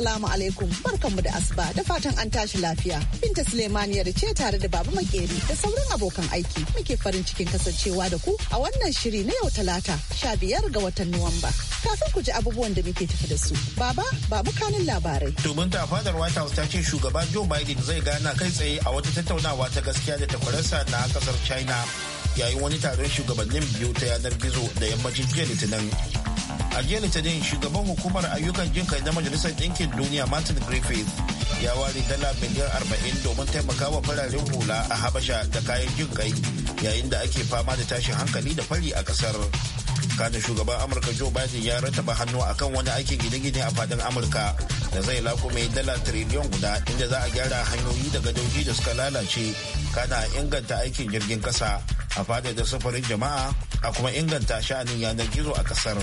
Assalamu alaikum barkanmu da asuba da fatan an tashi lafiya. Binta Sulemaniyar ce tare da Baba Makeri da sauran abokan aiki muke farin cikin kasancewa da ku a wannan shiri na yau talata sha biyar ga watan Nuwamba. Kafin ku ji abubuwan da muke tafi da su. Baba, babu kanin labarai. Domin ta fadar White House ta ce shugaba Joe Biden zai gana kai tsaye a wata tattaunawa ta gaskiya da takwararsa na kasar China yayin wani taron shugabannin biyu ta yanar gizo da yammacin jiya Litinin. a jiya litinin shugaban hukumar ayyukan jin kai na majalisar ɗinkin duniya martin griffith ya ware dala miliyan arba'in domin taimakawa fararen hula a habasha da kayan jin kai yayin da ake fama da tashin hankali da fari a ƙasar kada shugaban amurka joe biden ya rataba hannu akan wani aikin gine-gine a fadin amurka da zai lakume dala tiriliyon guda inda za a gyara hanyoyi da gadoji da suka lalace kana inganta aikin jirgin kasa a fadar da sufurin jama'a a kuma inganta sha'anin yanar gizo a kasar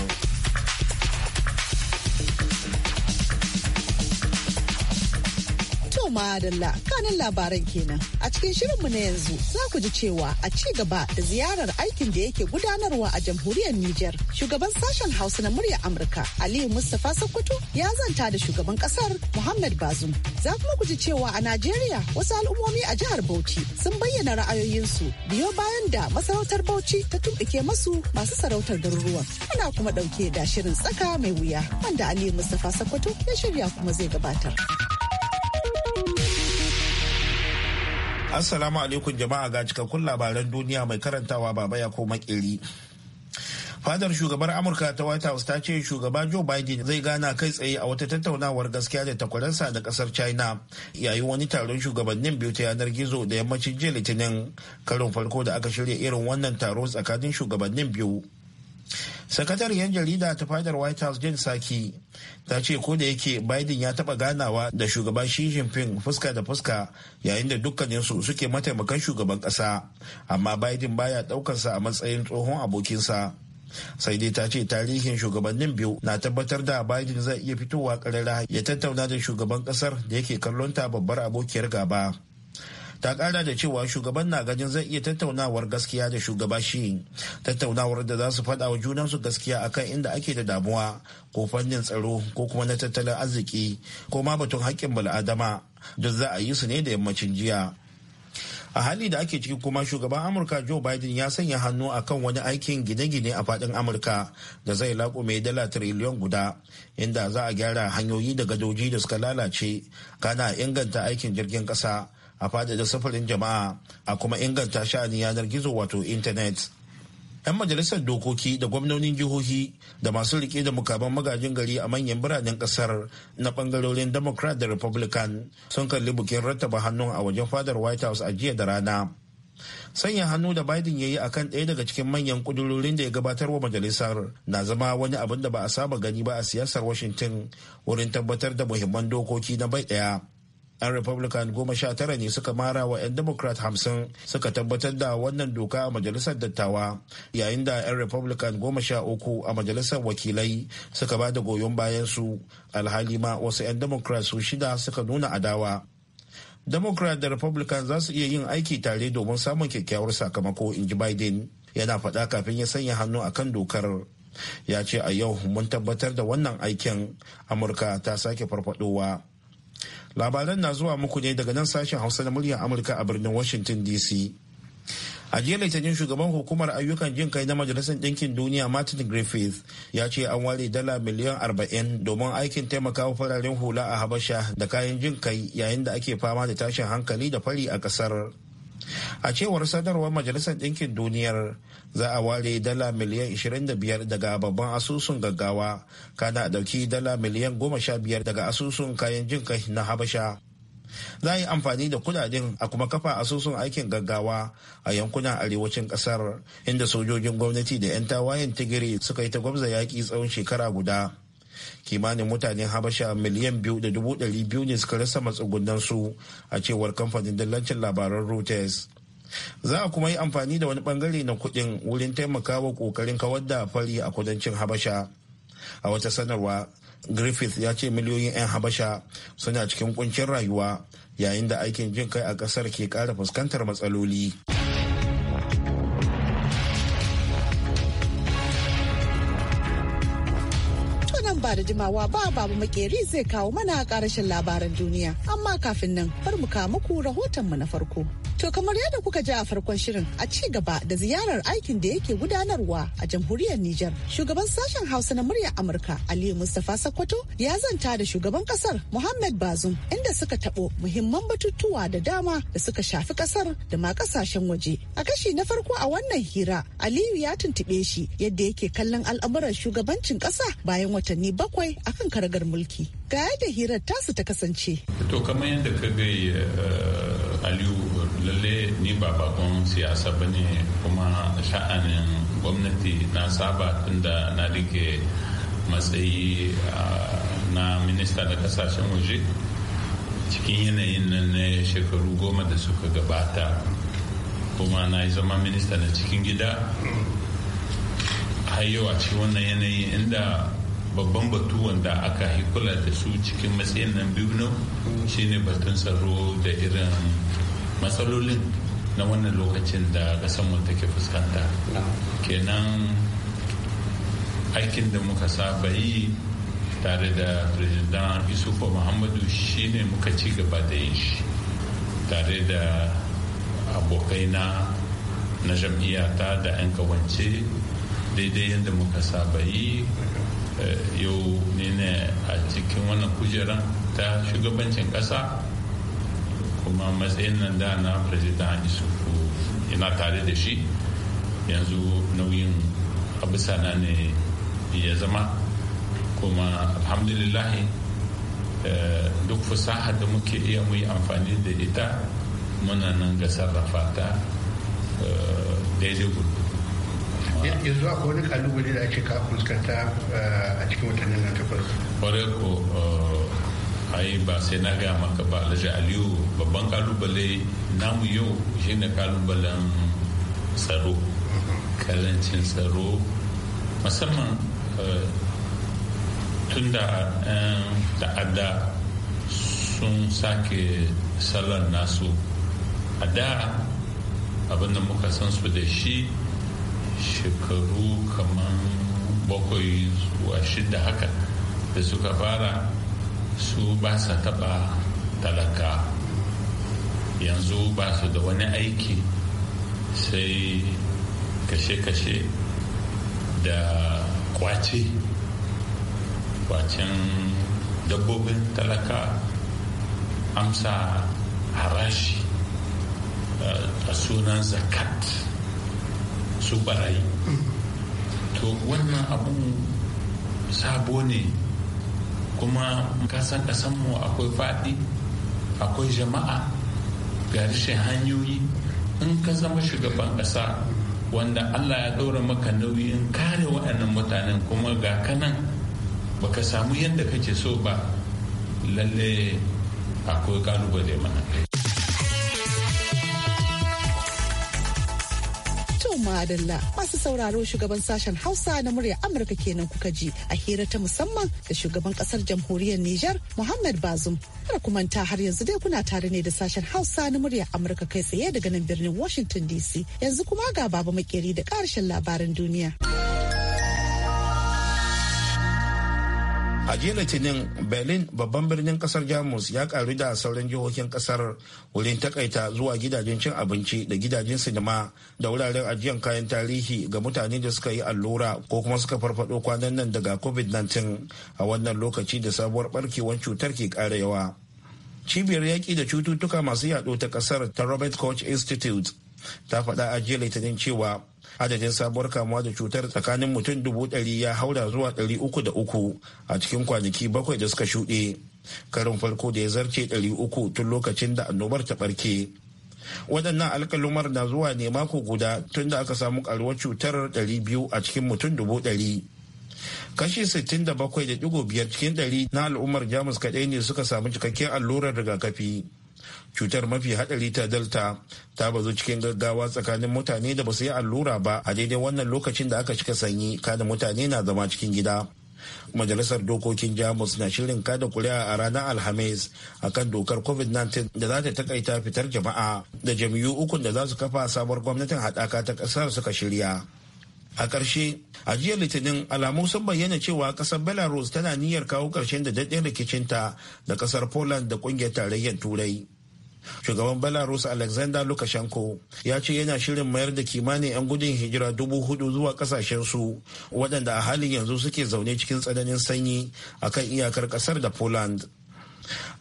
To Adalla kanin labaran kenan. A cikin shirinmu na yanzu za ku ji cewa a ci gaba da ziyarar aikin da yake gudanarwa a jamhuriyar Nijar. Shugaban sashen Hausa na murya Amurka Aliyu Mustapha Sokoto ya zanta da shugaban kasar Muhammad Bazum. Za kuma ku ji cewa a Najeriya wasu al'ummomi a jihar Bauchi sun bayyana ra'ayoyinsu biyo bayan da masarautar Bauchi ta tumɓuke masu masu sarautar garuruwan. Ana kuma ɗauke da shirin tsaka mai wuya wanda Aliyu Mustapha Sokoto ya shirya kuma zai gabatar. Assalamu alaikum jama'a ga cikakkun labaran duniya mai karantawa baba ya ko makeri. Fadar shugabar Amurka ta White House ta ce shugaba Joe Biden zai gana kai tsaye a wata tattaunawar gaskiya da takwaransa da kasar China yayin wani taron shugabannin biyu ta yanar gizo da yammacin jiya Litinin karin farko da aka shirya irin wannan taron tsakanin shugabannin biyu. yan jarida ta fadar white house jen saki ta ce ko da yake biden ya taba ganawa da shugaban shi jinping fuska da fuska yayin da dukkaninsu suke mataimakan shugaban kasa amma biden baya daukansa a matsayin tsohon abokinsa sai dai ta ce tarihin shugabannin biyu na tabbatar da biden zai iya fitowa karara ya tattauna da shugaban kasar da yake kallon ta babbar abokiyar gaba ta kara da cewa shugaban na ganin zai iya tattaunawar gaskiya da shugaba shi tattaunawar da za su faɗa wa junansu gaskiya akan inda ake da damuwa ko fannin tsaro ko kuma na tattalin arziki ko ma batun haƙƙin bal'adama duk za a yi su ne da yammacin jiya a hali da ake ciki kuma shugaban amurka joe biden ya sanya hannu a kan wani aikin gine-gine a fadin amurka da zai laƙume dala triliyon guda inda za a gyara hanyoyi da gadoji da suka lalace kana inganta aikin jirgin ƙasa a fadada safarin jama'a a kuma inganta sha'anin yanar gizo wato intanet. 'Yan majalisar dokoki da gwamnonin jihohi da masu rike da mukaban magajin gari a manyan biranen kasar na bangarorin Democrat da Republican sun kalli bukin rattaba hannun a wajen fadar White House a jiya da rana. Sanya hannu da Biden ya yi akan ɗaya daga cikin manyan kudurorin da ya gabatar wa majalisar na zama wani abin da ba a saba gani ba a siyasar Washington wurin tabbatar da muhimman dokoki na bai ɗaya. 'yan republican goma sha tara ne suka mara wa 'yan democrat hamsin suka tabbatar da wannan doka a majalisar dattawa yayin da 'yan republican goma sha uku a majalisar wakilai suka ba da goyon bayan su alhali ma wasu 'yan democrat su shida suka nuna adawa democrat da republican za su iya yin aiki tare domin samun kyakkyawar sakamako in ji biden yana faɗa kafin ya sanya hannu akan dokar ya ce a yau mun tabbatar da wannan aikin amurka ta sake farfadowa labaran na zuwa muku ne daga nan sashen hausa na muryar amurka a birnin washington dc a jiya litinin shugaban hukumar ayyukan jin kai na majalisar ɗinkin duniya martin griffith ya ce an ware dala miliyan 40 domin aikin taimakawa fararen hula a habasha da kayan jin kai yayin da ake fama da tashin hankali da fari a ƙasar. a cewar sadarwar majalisar ɗinkin duniyar za a ware dala miliyan 25 daga babban asusun gaggawa kana a ɗauki dala miliyan 15 daga asusun kayan jin kai na habasha za a yi amfani da kudaden a kuma kafa asusun aikin gaggawa a yankunan arewacin kasar inda sojojin gwamnati da 'yan tawayen tigiri suka yi ta gwamza yaƙi tsawon shekara guda kimanin mutane habasha miliyan biyu da dubu ɗari biyu ne suka rasa su a cewar kamfanin dillancin labaran reuters za a kuma yi amfani da wani bangare na kuɗin wurin taimakawa ƙoƙarin kawar da fari a kudancin habasha a wata sanarwa griffith ya ce miliyoyin 'yan habasha suna cikin kuncin rayuwa yayin da aikin jin kai a ƙasar ke ƙara fuskantar matsaloli. ba da jimawa ba babu makeri zai kawo mana karashin labaran duniya. Amma kafin nan bar mu kawo rahoton mu na farko. To kamar yadda kuka ji a farkon shirin a ci gaba da ziyarar aikin da yake gudanarwa a jamhuriyar Nijar. Shugaban sashen Hausa na muryar Amurka Aliyu mustafa Sokoto ya zanta da shugaban kasar Muhammad Bazum inda suka tabo muhimman batutuwa da dama da suka shafi kasar da ma kasashen waje. A kashi na farko a wannan hira Aliyu ya tuntube shi yadda yake kallon al'amuran shugabancin kasa bayan watanni bakwai akan karagar mulki ga yadda hirar tasu ta kasance to kamar yadda ka ga eh, aliyu lalle ni ba bakon siyasa ba ne kuma sha'anin gwamnati na saba tunda na rike matsayi eh, na minista na kasashen waje cikin yanayin nan na shekaru goma da suka gabata kuma na yi zama minista na cikin gida har a cikin wannan yanayi inda babban batu wanda aka yi kula da su cikin matsayin nan biyu nan shine batun tsaro da irin matsalolin na wannan lokacin da kasanmu take fuskanta kenan aikin da muka saba yi tare da president isufa muhammadu shine muka ci gaba da yin shi tare da abokaina na jam'iyyata da 'yan kawance daidai yadda muka saba yi Eh, yau ne ne a cikin wannan kujeran ta shugabancin ƙasa kuma matsayin nan da na president isufu yana tare da shi yanzu nauyin abisana ne ya zama kuma alhamdulillahi eh, duk fasahar da muke iya muyi amfani da ita muna nan ga sarrafa ta eh, daidai yanzu a wani kalubale da ake ka fuskanta eh, a cikin watannin na takwas kwarai ko eh, ai ba sai na gaya maka ba alhaji aliyu babban kalubale namu yau shine kalubalen tsaro kalancin tsaro musamman eh, tun da ta'adda sun sake salon nasu a da abinda muka san su da shi shekaru kamar bakwai zuwa shida haka da suka fara su ba sa taba talaka yanzu ba su da wani aiki sai kashe-kashe da kwace kwacen dabbobin talaka amsa harashi eh, a sunan zakat su barayi to wannan abu sabo ne kuma kasan mu akwai faɗi akwai jama'a ga rashin hanyoyi in ka zama shugaban ƙasa wanda allah ya ɗora maka nauyin kare waɗannan mutanen kuma ga kanan baka samu yadda kake so ba lalle akwai kalubale mana To madalla masu sauraro shugaban sashen Hausa na murya Amurka kenan kuka ji a hira ta musamman da shugaban kasar jamhuriyar Nijar Muhammad Bazum. Kada ku manta har yanzu dai kuna tare ne da sashen Hausa na murya Amurka kai tsaye daga nan birnin Washington DC. Yanzu kuma ga baba makeri da karshen labaran duniya. a jiya litinin berlin babban birnin kasar jamus ya karu da sauran jihohin kasar wurin takaita zuwa gidajen cin abinci da gidajen sinima da wuraren ajiyar kayan tarihi ga mutane da suka yi allura ko kuma suka farfado kwanan nan daga covid-19 a wannan lokaci da sabuwar barkewar cutar ke kara yawa cibiyar yaƙi da cututtuka masu yaɗo ta kasar ta robert koch institute ta faɗa a jiya litinin cewa adadin sabuwar kamuwa da cutar tsakanin mutum dubu ɗari ya haura zuwa ɗari uku da uku a cikin kwanaki bakwai da suka shuɗe karin farko da ya zarce ɗari uku tun lokacin da annobar ta barke. waɗannan alkalumar na zuwa ne mako guda tun da aka samu karuwar cutar ɗari biyu a cikin mutum dubu ɗari kashi 67.5 cikin ɗari na al'ummar jamus kaɗai ne suka samu cikakken allurar rigakafi cutar mafi hadari ta delta ta bazu cikin gaggawa tsakanin mutane da ba su yi allura ba a daidai wannan lokacin da aka cika sanyi kada mutane na zama cikin gida majalisar dokokin jamus na shirin kada kuri'a a ranar alhamis a kan dokar covid-19 da za ta takaita fitar jama'a da jam'iyyu uku da za su kafa sabuwar gwamnatin haɗaka ta ƙasar suka shirya a ƙarshe a jiya litinin alamu sun bayyana cewa ƙasar belarus tana niyyar kawo ƙarshen da daɗin rikicinta da ƙasar poland da ƙungiyar tarayyar turai shugaban belarus alexander lukashenko ya ce yana shirin mayar da kimanin 'yan gudun hijira dubu hudu zuwa su waɗanda a halin yanzu suke zaune cikin tsananin sanyi akan iyakar ƙasar da poland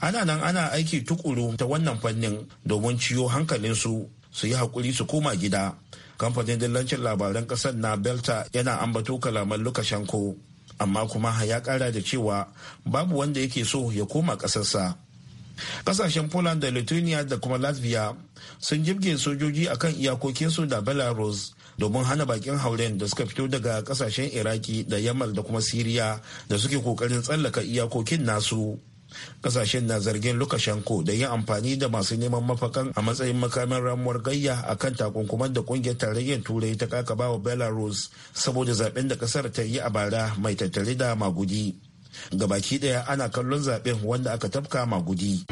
ana nan ana aiki tukuru ta wannan fannin domin ciyo hankalinsu su yi haƙuri su koma gida kamfanin dillancin labaran ƙasar na belta yana ambato kalaman lukashenko amma kuma ya ƙara da cewa babu wanda yake so ya koma ƙasarsa kasashen poland da lithuania da kuma latvia sun jibge sojoji akan iyakokinsu da belarus domin hana bakin hauren da suka fito daga kasashen iraki da yamal da kuma siriya da suke kokarin tsallaka iyakokin nasu kasashen na zargin lukashenko da yin amfani da masu neman mafakan a matsayin makamin ramuwar gayya a kan takunkuman da kungiyar tarayyar turai ta kakaba wa belarus saboda zaben da kasar ta yi a bara mai tattare da magudi gabaki daya ana kallon zaɓen wanda aka tafka magudi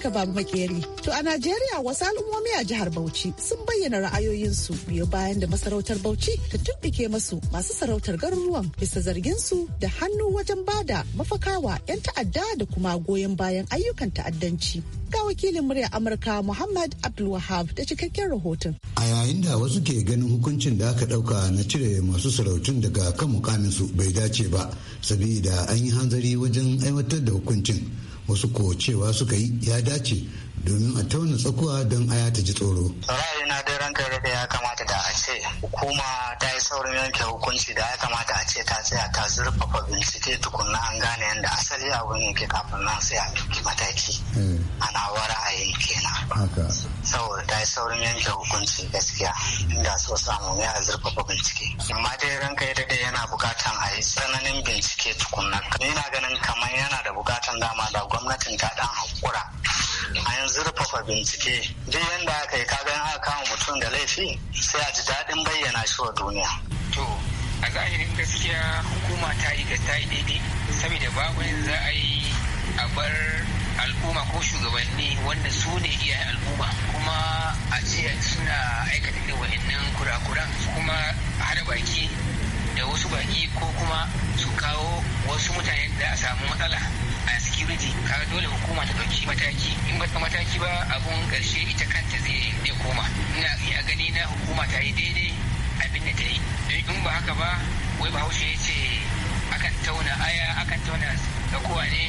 ka babu makeri. To a Najeriya wasu al'ummomi a jihar Bauchi sun bayyana ra'ayoyinsu biyo bayan da masarautar Bauchi ta tubbike masu masu sarautar garuruwan bisa zarginsu da hannu wajen bada mafakawa 'yan ta'adda da kuma goyon bayan ayyukan ta'addanci. Ga wakilin muryar Amurka Muhammad Abdulwahab da cikakken rahoton. A yayin da wasu ke ganin hukuncin da aka ɗauka na cire masu sarautun daga kan mukaminsu bai dace ba, sabida an yi hanzari wajen aiwatar da hukuncin. wasu kowacewa suka yi ya dace domin a tauna tsakuwa don aya ta ji tsoro. Ra'ayina dai ranka da ya kamata da a ce hukuma ta yi saurin yanke hukunci da ya kamata a ce ta tsaya ta zurfafa bincike tukunna an gane yadda asali a wani yanke kafin nan sai a ɗauki mataki. Eh. Ana a yin kenan. Saboda ta yi saurin yanke hukunci gaskiya inda so samu ne a zurfafa bincike. Amma dai ranka ya daɗe yana bukatan a yi tsananin bincike tukunna. na ganin kamar yana da bukatan dama da gwamnatin ta ɗan haƙura. a yanzu rufafa bincike duk yanda aka yi kaga aka kama mutum da laifi sai a ji daɗin bayyana shi wa duniya. To a zahirin gaskiya hukuma ta yi ta yi daidai saboda babu yin za a yi a bar al'umma ko shugabanni wanda su ne iya al'umma kuma a ce suna aikata da wa'annan kurakuran kuma hada baki da wasu baki ko kuma su kawo wasu mutane da a samu matsala a security ka dole hukuma ta ɗauki mataki in ba ta mataki ba abun ƙarshe ita kanta zai koma ina iya gani na hukuma ta yi daidai abin da ta yi don in ba haka ba wai bahaushe ya ce akan tauna aya akan tauna kowa ne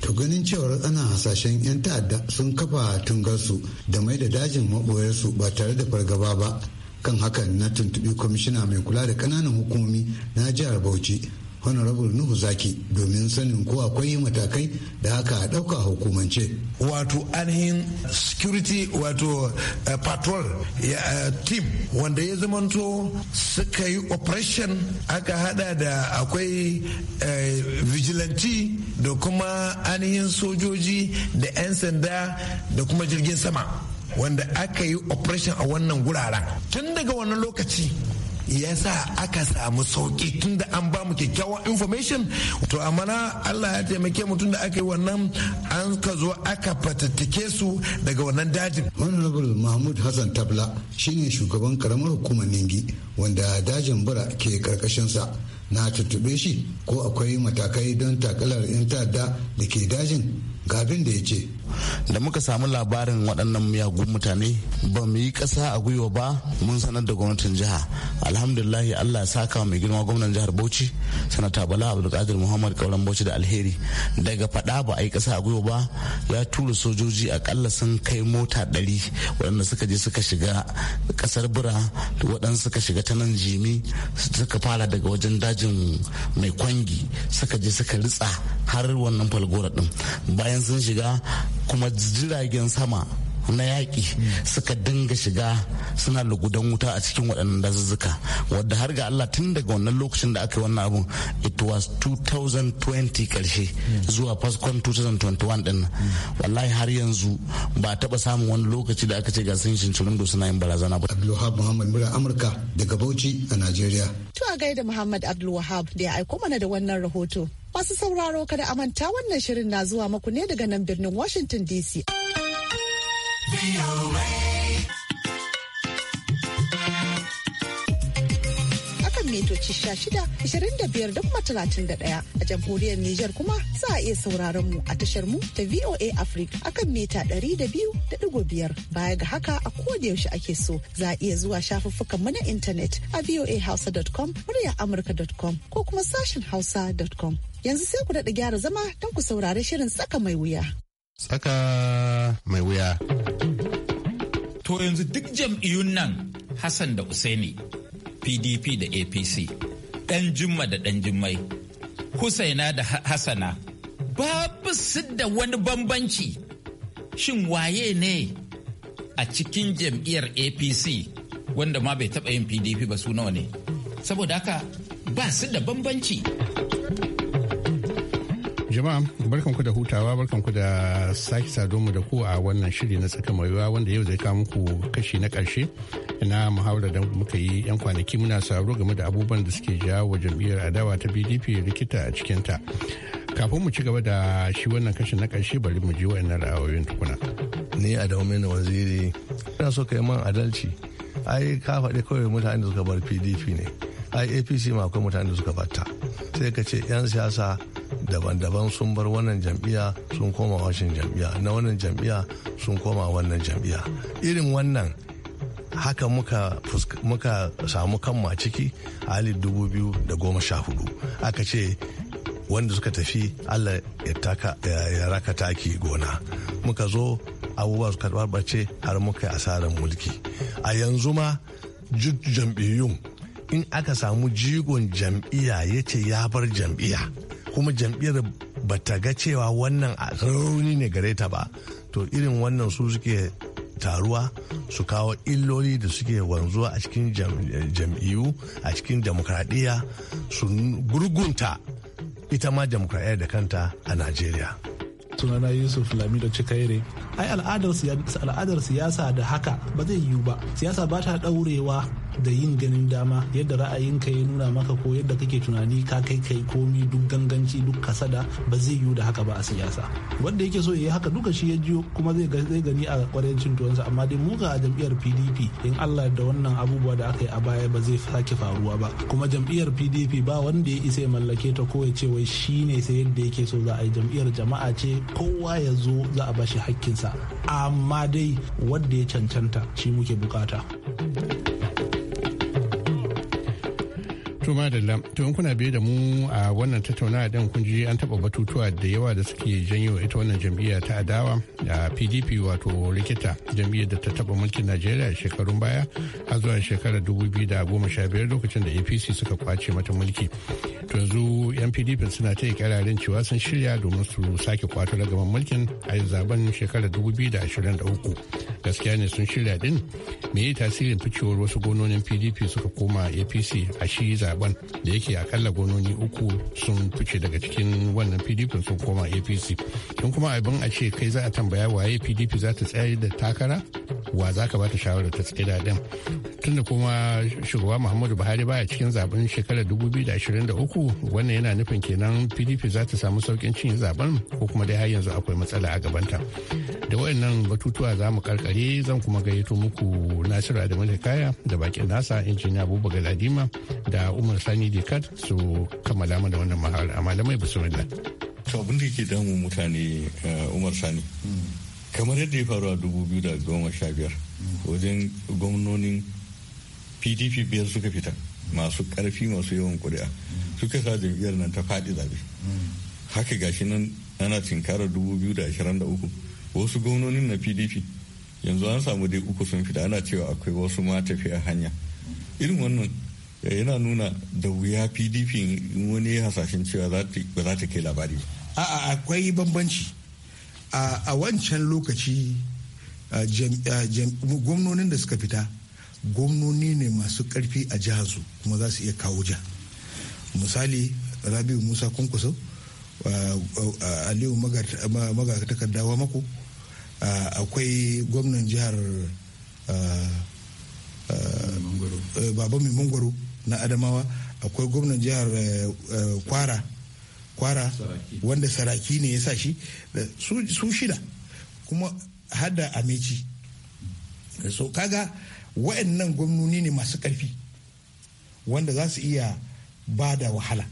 to ganin cewar ana hasashen 'yan ta'adda sun kafa tungarsu da mai da dajin maɓoyarsu ba tare da fargaba ba kan hakan na tuntubi kwamishina mai kula da kananan hukumomi na jihar bauchi honorable nuhu zaki domin sanin ko akwai matakai da haka a ɗauka hukumance wato ainihin security wato uh, patrol uh, team wanda ya zamanto suka yi operation aka hada da akwai uh, vigilante da kuma ainihin sojoji da 'yan sanda da kuma jirgin sama wanda aka yi operation a wannan guraren tun daga wannan lokaci ya sa aka samu sauki tunda an ba mu kyakkyawan information to amma na Allah ya taimake mu da aka yi wannan an ka zo aka fatattake su daga wannan dajin honorable mahmud hassan tabla shine shugaban karamar hukumar ningi wanda dajin bara ke sa na tuttube shi ko akwai matakai don takalar 'yan ta'adda da ke dajin ga abin da ya ce da muka samu labarin waɗannan miyagun mutane ba mu yi ƙasa a gwiwa ba mun sanar da gwamnatin jiha alhamdulillahi allah saka mai girma gwamnan jihar bauchi sanata bala abdulkadir muhammad kauran bauchi da alheri daga faɗa ba a yi ƙasa a gwiwa ba ya tura sojoji akalla sun kai mota ɗari waɗanda suka je suka shiga ƙasar bira waɗanda suka shiga ta nan jimi suka fara daga wajen dajin mai kwangi suka je suka ritsa har wannan falgora ɗin bayan bayan sun shiga kuma jiragen sama na yaƙi suka dinga shiga suna lugudan wuta a cikin waɗannan dazuzzuka wadda har ga Allah tun daga wannan lokacin da aka yi wannan abun it was 2020 karshe zuwa faskon 2021 din wallahi har yanzu ba taɓa samun wani lokaci da aka ce ga sun shincirin da suna yin barazana ba. Abdulwahab Muhammad mura Amurka daga Bauchi a Najeriya. To a gaida Muhammad Abdulwahab da ya aiko mana da wannan rahoto. Masu sauraro kada a manta wannan shirin na zuwa maku ne daga nan birnin Washington DC. 25 da kuma 31 a jamhuriyar Nijar kuma za a iya sauraron mu a tashar mu ta VOA Africa akan mita 200.5 baya ga haka a yaushe ake so za a iya zuwa shafuffukan mu na intanet a voahausa.com muryar amurka.com ko kuma sashen hausa.com yanzu sai ku daɗa gyara zama don ku saurari shirin tsaka mai wuya. Tsaka mai wuya. To yanzu duk jam'iyyun nan Hassan da Usaini, PDP da APC. ɗan jimma da ɗan jummai husaina da hasana babu su da wani bambanci shin waye ne a cikin jam'iyyar apc wanda ma bai taɓa yin pdp ba su nawa ne saboda haka ba su da bambanci jama'a barkanku da hutawa barkanku da sake sado da ku a wannan shiri na tsakamaiwa wanda yau zai kawo muku kashi na karshe na muhawara da muka yi 'yan kwanaki muna sauro game da abubuwan da suke jawo jam'iyyar adawa ta pdp rikita a cikinta kafin mu ci gaba da shi wannan kashi na ƙarshe bari mu ji wa'annan ra'ayoyin tukuna ni a daume waziri ina so kai man adalci ai ka faɗi kawai mutane da suka bar pdp ne ai apc ma akwai mutane da suka batta sai ka ce 'yan siyasa daban-daban sun bar wannan jam'iyya sun koma washin jam'iyya na wannan jam'iyya sun koma wannan jam'iyya irin wannan haka muka samu kanmu a ciki a dubu biyu da goma sha hudu aka ce wanda suka tafi allah ya raka taki gona muka zo abubuwa suka barbace har muka yi asarar mulki a yanzu ma jam'iyyun in aka samu jigon jam'iyya ya ce ya bar jam'iyya kuma jam'iyyar ba ta ga cewa wannan rauni ne gare ta ba to irin wannan su suke taruwa su kawo illoli da suke wanzuwa a cikin jam'iyyu a cikin demokradiyya su gurgunta ita ma demokradiyya da kanta a najeriya sunana yusuf lamido cikaire ai al'adar siyasa da haka ba zai yiwu ba siyasa ba ta daurewa da yin ganin dama yadda ra'ayinka ya nuna maka ko yadda kake tunani ka kai kai komi duk ganganci duk kasada ba zai yiwu da haka ba a siyasa wanda yake so ya yi haka duka shi ya jiyo kuma zai gani a kwarancin tuwansa amma dai mu ga jam'iyyar pdp in allah da wannan abubuwa da aka yi a baya ba zai sake faruwa ba kuma jam'iyyar pdp ba wanda ya isa ya mallake ta ko ya ce wai shi ne sai yadda yake so za a yi jam'iyyar jama'a ce kowa ya zo za a bashi hakkinsa amma dai wanda ya cancanta shi muke bukata. To madalla, to in kuna biye da mu a wannan tattaunawa dan kun ji an taba batutuwa da yawa da suke janyo ita wannan jam'iyya ta adawa da PDP wato likita jam'iyyar da ta taba mulkin Najeriya shekarun baya a zuwa shekarar 2015 lokacin da APC suka kwace mata mulki. To yanzu yan PDP suna ta yi cewa sun shirya domin su sake kwato gaban mulkin a zaben shekarar 2023. Gaskiya ne sun shirya din me tasirin ficewar wasu gononin PDP suka koma APC a shi zaben zaben da yake akalla gononi uku sun fice daga cikin wannan pdp sun koma apc don kuma abin a ce kai za a tambaya waye pdp za ta tsayar da takara wa za ka bata shawarar ta tsaida din tunda kuma shugaba muhammadu buhari baya cikin zaben shekarar 2023 wannan yana nufin kenan pdp za ta samu saukin cin zaben ko kuma dai har yanzu akwai matsala a gabanta da wayannan batutuwa za mu karkare zan kuma gayyato muku nasiru adamu da kaya da bakin nasa injiniya Abubakar galadima da umar Umar Sani Dekat su kammala mana wannan mahara a malamai bismillah. To abin da ke damu mutane eh, Umar Sani. Kamar yadda ya faru a dubu biyu da goma sha biyar wajen gwamnonin PDP biyar suka fita masu ƙarfi masu yawan kuri'a suka sa jam'iyyar nan ta faɗi zabe. Haka gashi nan ana cinkarar dubu biyu da ashirin da uku wasu gwamnonin na PDP yanzu an samu dai uku sun fita ana cewa akwai wasu ma tafiya hanya. Irin wannan Eh, yana nuna da wuya pdp wani hasashen cewa ba za ta kai labari ba a'a akwai bambanci a wancan lokaci gwamnonin da suka fita gwamnoni ne masu karfi a jihazu kuma za su iya kawo ja misali rabiu musa kunkusa aliyu magatakardawa mako akwai gwamnan jihar eh, baba mai mangwaro na adamawa akwai gwamnan jihar eh, eh, kwara kwara wanda saraki ne ya sa shi su shida kuma hada ameci so kaga wa'annan gwamnoni ne masu karfi wanda za su iya ba da wahala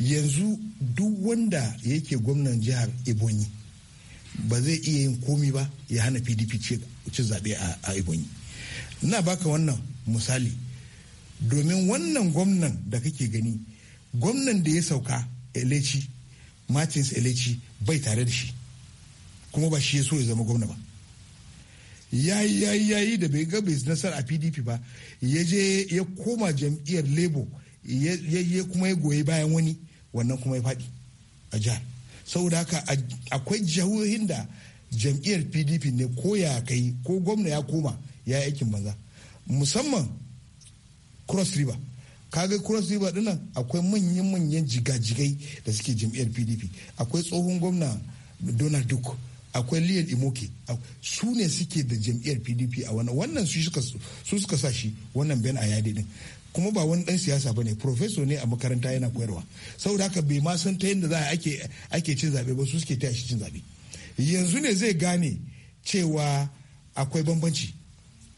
yanzu duk wanda yake gwamnan jihar ebonyi ba zai iya yin komi ba ya hana pdp ci zaɓe a ebonyi na baka wannan misali domin wannan gwamnan da kake gani gwamnan da ya sauka eleci martins eleci bai tare da shi kuma ba shi ya so ya zama gwamna ba yayi yayi yayi da bai ga bai nasar a pdp ba ya je ya koma jam'iyyar labour ya kuma ya goyi bayan wani wannan kuma ya faɗi a jihar saboda haka akwai jihohin da jam'iyyar pdp ne ko ya kai ko gwamna ya koma ya yi aikin banza musamman cross river kaga cross river dinnan akwai manyan-manyan jigajigai da suke jam'iyyar pdp akwai tsohon gwamna donald duke akwai liyan imoke su ne suke da jam'iyyar pdp a wannan wannan su suka sa shi wannan ben a yadi din kuma ba wani dan siyasa bane professor ne a makaranta yana koyarwa saboda haka bai ma san ta yadda za a ake cin zabe ba su suke taya shi cin zabe yanzu ne zai gane cewa akwai bambanci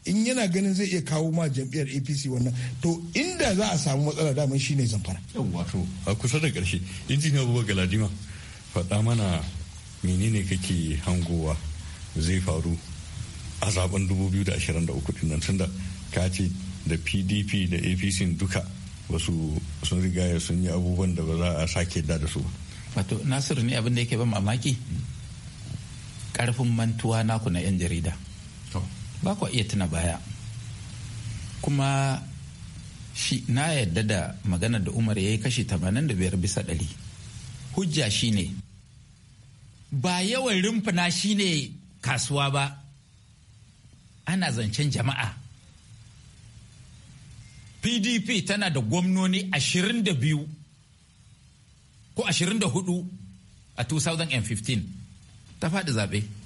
in yana ganin zai iya kawo ma jam'iyyar apc wannan to inda za a samu matsala daman ne zamfara wato a kusa da ƙarshe injiniya buba galadima faɗa mana menene kake hangowa zai faru a zaben 2023 din nan tunda ka ce da pdp da apc duka wasu sun rigaya sun yi abubuwan da ba za a sake da da su wato nasiru ne abin da yake ban mamaki karfin mantuwa naku na yan jarida ba ku iya tuna baya kuma shi na yadda da magana da umar ya yi kashi 85 bisa ɗari hujja shi ne. ba yawan rumfuna ne kasuwa ba ana zancen jama'a pdp tana da gwamnoni 22 ko 24 a 2015 ta faɗi zaɓe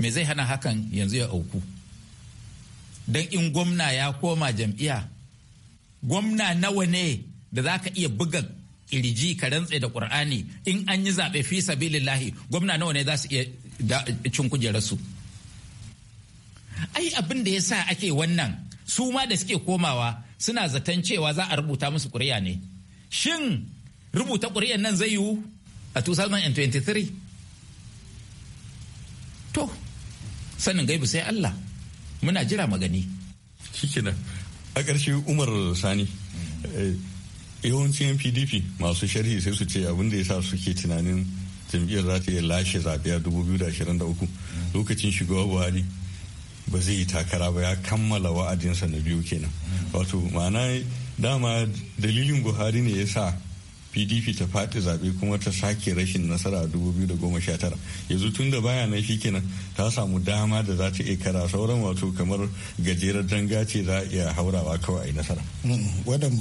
me zai hana hakan yanzu ya auku don in gwamna ya koma jam'iyya gwamna nawa ne da za ka iya buga ƙirji ka rantse da ƙur'ani in an yi zaɓe fi sabilillahi gwamna nawa ne za su iya cin kujerarsu ai abin da ya sa ake wannan su ma da suke komawa suna zaton cewa za a rubuta musu ƙuri'a ne shin rubuta ƙuri'an nan zai yiwu a 2023 sanin gaibu sai Allah muna jira magani a ƙarshe Umar Sani eh, yawancin PDP masu sharhi sai su ce abin da ya sa suke tunanin jam'iyyar za ta iya lashe zaɓe a 2023 lokacin shugaba Buhari ba zai yi takara ba ya kammala wa'adinsa na biyu kenan wato ma'ana dama dalilin Buhari ne ya sa pdp ta faɗi zaɓe kuma ta sake rashin nasara a 2019 yanzu tun da baya nan kenan ta samu dama da za ta iya kara sauran wato kamar gajerar danga ce za a iya haurawa kawai a yi nasara mm, wadan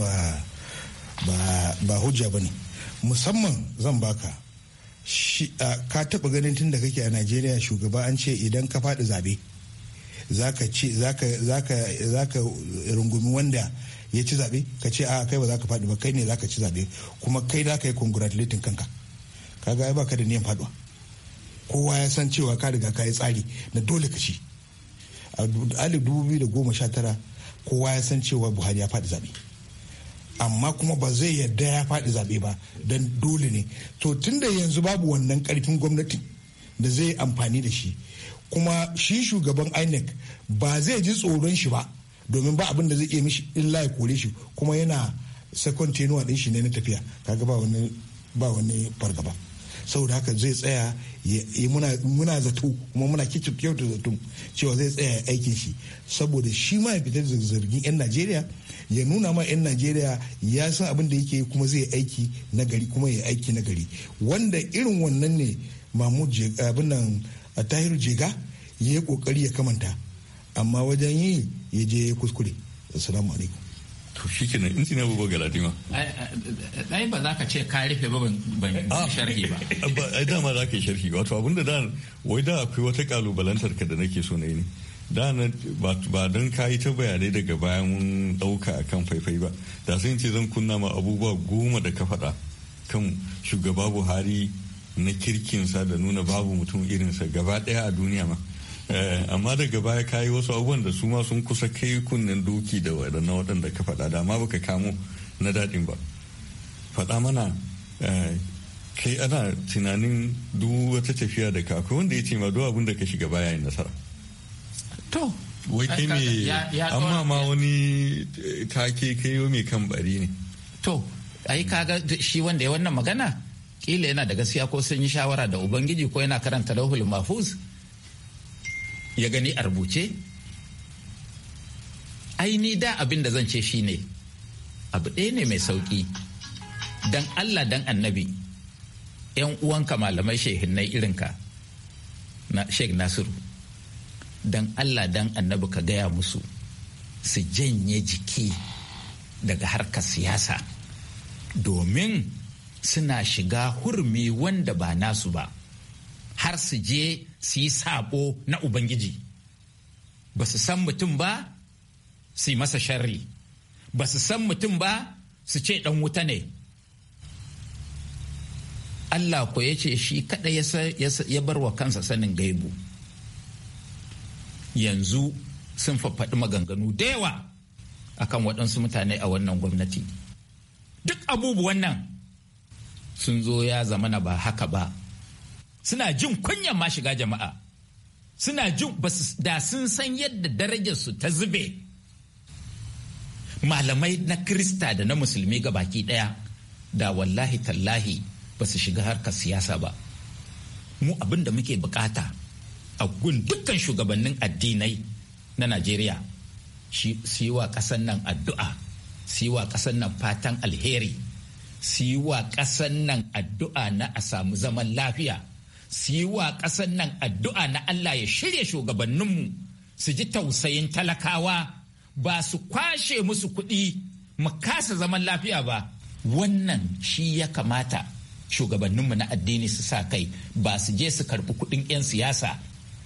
ba hujja ba ne musamman zan baka ka taɓa ganin tun da kake a najeriya shugaba an ce idan ka faɗi zaɓe za ka rungumi wanda ya ci zaɓe ka ce a kai ba za ka faɗi ba kai ne za ka ci zaɓe kuma kai za ka yi congratulating kanka ga ba ka da niyan faɗuwa kowa ya san cewa ka riga ka yi tsari na dole ka ci a alif dubu biyu da goma sha tara kowa ya san cewa buhari ya faɗi zaɓe amma kuma ba zai yarda ya faɗi zaɓe ba don dole ne to tun da yanzu babu wannan ƙarfin gwamnati da zai amfani da shi kuma shi shugaban inec ba zai ji tsoron shi ba domin ba abin da zai iya mishi illa ya kore shi kuma yana second tenuwa din shi ne na tafiya kaga ba wani ba wani fargaba saboda haka zai tsaya muna zato kuma muna kicin da zato cewa zai tsaya ya aikin shi saboda shi ma ya fitar da zargin 'yan najeriya ya nuna ma 'yan najeriya ya san abin da yake kuma zai aiki na gari kuma ya aiki na gari wanda irin wannan ne mamu abin nan tahiru jega ya yi kokari ya kamanta amma wajen yi ya je kuskure assalamu alaikum to shi inci ne sina ga galadima ɗai ba za ka ce ka rufe ba ban ah. sharhi ba ai dama za ka yi sharhi wato abinda da wai da akwai wata kalubalantar ka da nake so na yi ne da ba don ka yi ta bayanai daga bayan mun ɗauka a kan faifai ba da sun ce zan kunna ma abubuwa goma da ka faɗa kan shugaba buhari na kirkinsa da nuna babu mutum irinsa gaba ɗaya a duniya ma Eh, amma daga baya ka yi wasu abubuwan da su ma sun kusa kai kunnen doki da na waɗanda ka faɗa da amma baka kamo na daɗin ba faɗa mana eh, kai ana tunanin duk wata tafiya da ka akwai wanda ya ce ma duk abin da ka shiga baya yin nasara to wai kai me amma ma wani take eh, kai mai kan bari ne to ai kaga shi wanda ya wannan magana kila yana da gaskiya ko sun yi shawara da ubangiji ko yana karanta lauhul mahfuz ya gani a rubuce ni da abin da zan ce shine abu ɗaya ne mai sauƙi don allah don annabi yan uwanka malamai shehinnai irinka na sheikh nasiru don allah don annabi ka gaya musu su janye jiki daga harkar siyasa domin suna shiga hurmi wanda ba nasu ba har su je su yi saƙo na ubangiji ba su san mutum ba su yi masa sharri ba su san mutum ba su ce ɗan wuta ne Allah ko ya ce shi kada ya bar wa kansa sanin gaibu yanzu sun faɗi maganganu da yawa akan waɗansu mutane a wannan gwamnati duk abubuwan nan sun zo ya zamana ba haka ba suna jin kunyan ma shiga jama'a suna jin da sun san yadda darajarsu ta zube malamai na krista da na musulmi ga baki daya da wallahi tallahi ba su shiga harkar siyasa ba mu abin da muke bukata a gun dukkan shugabannin addinai na najeriya su yi wa nan addu'a su yi wa nan fatan alheri su yi wa nan addu'a na a samu zaman lafiya su yi wa ƙasar nan addu'a na Allah ya shirya shugabanninmu su ji tausayin talakawa ba su kwashe musu kuɗi mu kasa zaman lafiya ba wannan shi ya kamata shugabanninmu na addini su sa kai ba su je su karɓi kuɗin 'yan siyasa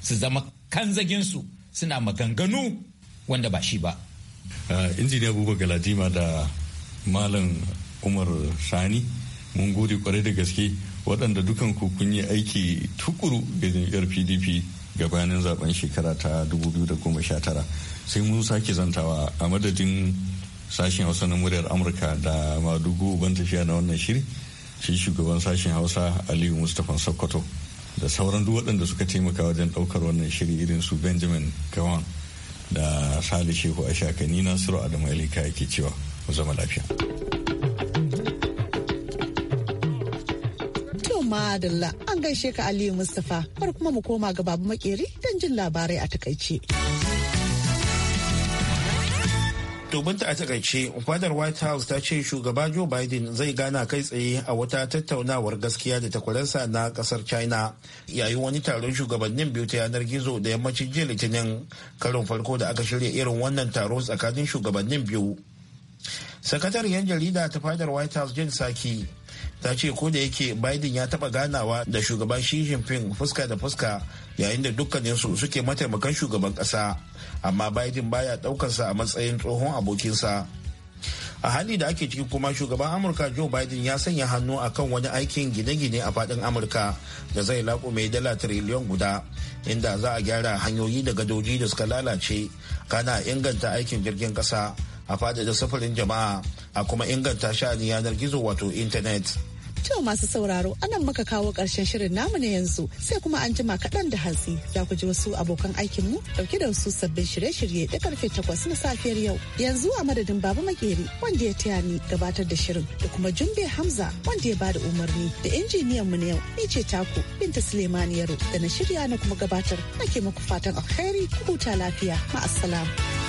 su zama kanzaginsu suna maganganu wanda ba shi ba. Ah, injiniya buba galadima da malam umar sani mun gode kwarai da gaske waɗanda dukan kun yi aiki tukuru ga jam'iyyar pdp gabanin zaben shekara ta 2019 sai mun sake zantawa a madadin sashen hausa na muryar amurka da madugu ban tafiya na wannan shiri shi shugaban sashen hausa aliyu mustapha sokoto da sauran duk waɗanda suka taimaka wajen ɗaukar wannan shiri irin su benjamin gawan da sale shehu a ni nasiru adamu alika yake cewa mu zama lafiya. madalla an gaishe ka Aliyu Mustapha bar kuma mu koma ga babu makeri don jin labarai a takaice. domin ta a takaice fadar white house ta ce shugaba joe biden zai gana kai tsaye a wata tattaunawar gaskiya da takwalarsa na kasar china yayin wani taron shugabannin biyu ta yanar gizo da yammacin jiya litinin karin farko da aka shirya irin wannan taro tsakanin shugabannin biyu sakatariyar jarida ta fadar white house jin saki ta ce ko da yake biden ya taba ganawa da shugaban shi jinping fuska da fuska yayin da dukkaninsu suke mataimakan shugaban kasa amma biden baya sa a matsayin tsohon abokinsa a hali da ake ciki kuma shugaban amurka joe biden ya sanya hannu akan wani aikin gine-gine a fadin amurka da zai lako dala tiriliyon guda inda za a gyara hanyoyi da gadoji da suka lalace kana inganta aikin jirgin kasa a fadada safarin jama'a a kuma inganta shani yanar gizo wato intanet. cewa masu sauraro anan muka kawo ƙarshen shirin namu na yanzu sai kuma an jima kaɗan da hatsi za ku ji wasu abokan aikinmu ɗauke da wasu sabbin shirye-shirye da karfe takwas na safiyar yau. Yanzu a madadin Baba Makeri wanda ya taya ni gabatar da shirin da kuma Jumbe Hamza wanda ya bada umarni da injiniyan mu na yau ni ce taku Binta Suleiman Yaro da na shirya na kuma gabatar nake muku fatan alheri ku huta lafiya ma'assalam.